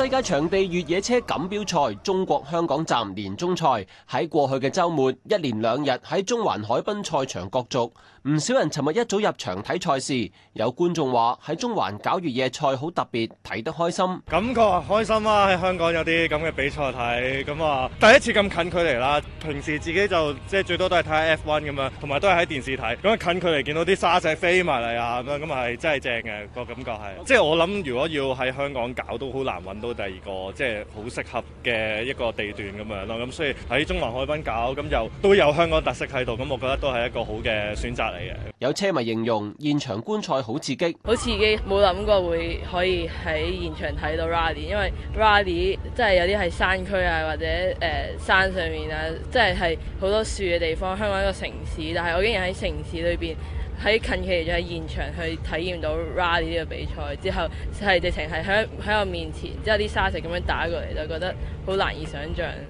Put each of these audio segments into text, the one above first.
世界場地越野車錦標賽中國香港站年終賽喺過去嘅周末一連兩日喺中環海濱賽場角逐，唔少人尋日一早入場睇賽事，有觀眾話喺中環搞越野賽好特別，睇得開心，感覺開心啊！喺香港有啲咁嘅比賽睇，咁啊第一次咁近距離啦，平時自己就即係最多都係睇 F1 咁樣，同埋都係喺電視睇，咁啊近距離見到啲沙仔飛埋嚟啊咁樣，咁啊係真係正嘅個感覺係，即係我諗如果要喺香港搞都好難揾到。第二個即係好適合嘅一個地段咁樣咯，咁所以喺中環海濱搞，咁又都有香港特色喺度，咁我覺得都係一個好嘅選擇嚟嘅。有車迷形容現場觀賽好刺激，好刺激！冇諗過會可以喺現場睇到 Rally，因為 Rally 即係有啲係山區啊，或者誒、呃、山上面啊，即係係好多樹嘅地方。香港一個城市，但係我竟然喺城市裏邊。喺近期就喺現場去體驗到 Rally 呢個比賽之後，係直情係喺喺我面前，之後啲沙石咁樣打過嚟，就覺得好難以想像。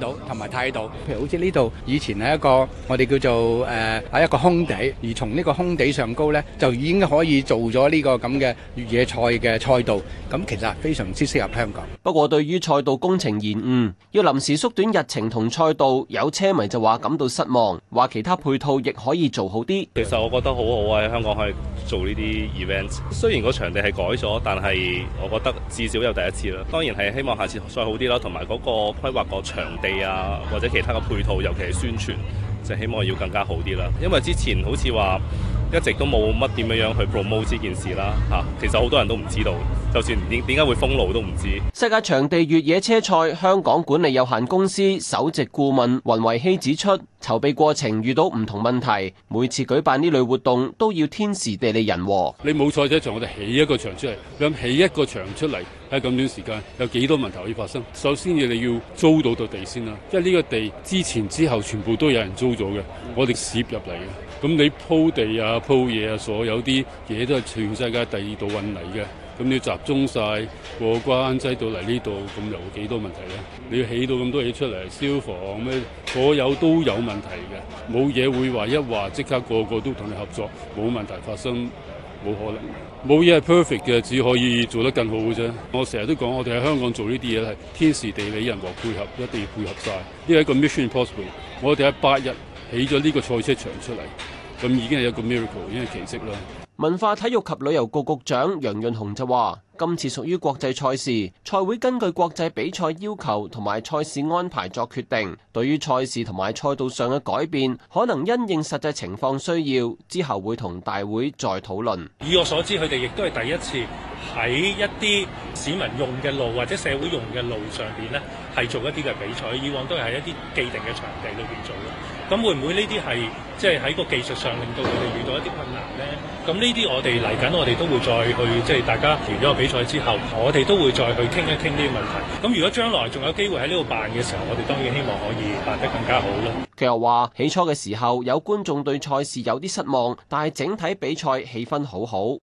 同埋態度，譬如好似呢度以前係一個我哋叫做誒喺、呃、一個空地，而從呢個空地上高呢，就已經可以做咗呢個咁嘅越野賽嘅賽道。咁其實係非常之適合香港。不過對於賽道工程延誤，要臨時縮短日程同賽道，有車迷就話感到失望，話其他配套亦可以做好啲。其實我覺得好好啊，香港可以做呢啲 event。雖然個場地係改咗，但係我覺得至少有第一次啦。當然係希望下次再好啲啦，同埋嗰個規劃個場地啊，或者其他嘅配套，尤其係宣傳，就希望要更加好啲啦。因為之前好似話，一直都冇乜點樣樣去 promote 呢件事啦吓，其實好多人都唔知道，就算點點解會封路都唔知。世界場地越野車賽香港管理有限公司首席顧問雲維希指出，籌備過程遇到唔同問題，每次舉辦呢類活動都要天時地利人和。你冇賽車場，我哋起一個場出嚟，咁起一個場出嚟喺咁短時間有幾多問題可以發生？首先要你要租到到地先啦，因為呢個地之前之後全部都有人租咗嘅，我哋攝入嚟嘅。咁你鋪地啊、鋪嘢啊，所有啲嘢都係全世界第二度運嚟嘅。咁你要集中晒，過關制到嚟呢度，咁有幾多問題咧？你要起到咁多嘢出嚟，消防咩，所有都有問題嘅。冇嘢會話一話即刻個個都同你合作，冇問題發生，冇可能。冇嘢係 perfect 嘅，只可以做得更好嘅啫。我成日都講，我哋喺香港做呢啲嘢係天時地利人和配合，一定要配合晒。呢係一個 mission impossible。我哋喺八日。起咗呢個賽車場出嚟，咁已經係一個 miracle，已經係奇蹟啦。文化體育及旅遊局局長楊潤雄就話，今次屬於國際賽事，賽會根據國際比賽要求同埋賽事安排作決定。對於賽事同埋賽道上嘅改變，可能因應實際情況需要，之後會同大會再討論。以我所知，佢哋亦都係第一次。喺一啲市民用嘅路或者社會用嘅路上面咧，係做一啲嘅比賽，以往都係喺一啲既定嘅場地裏邊做嘅。咁會唔會呢啲係即係喺個技術上令到佢哋遇到一啲困難咧？咁呢啲我哋嚟緊，我哋都會再去即係、就是、大家完咗個比賽之後，我哋都會再去傾一傾呢啲問題，咁如果將來仲有機會喺呢度辦嘅時候，我哋當然希望可以辦得更加好咯。佢又話起初嘅時候有觀眾對賽事有啲失望，但係整體比賽氣氛好好。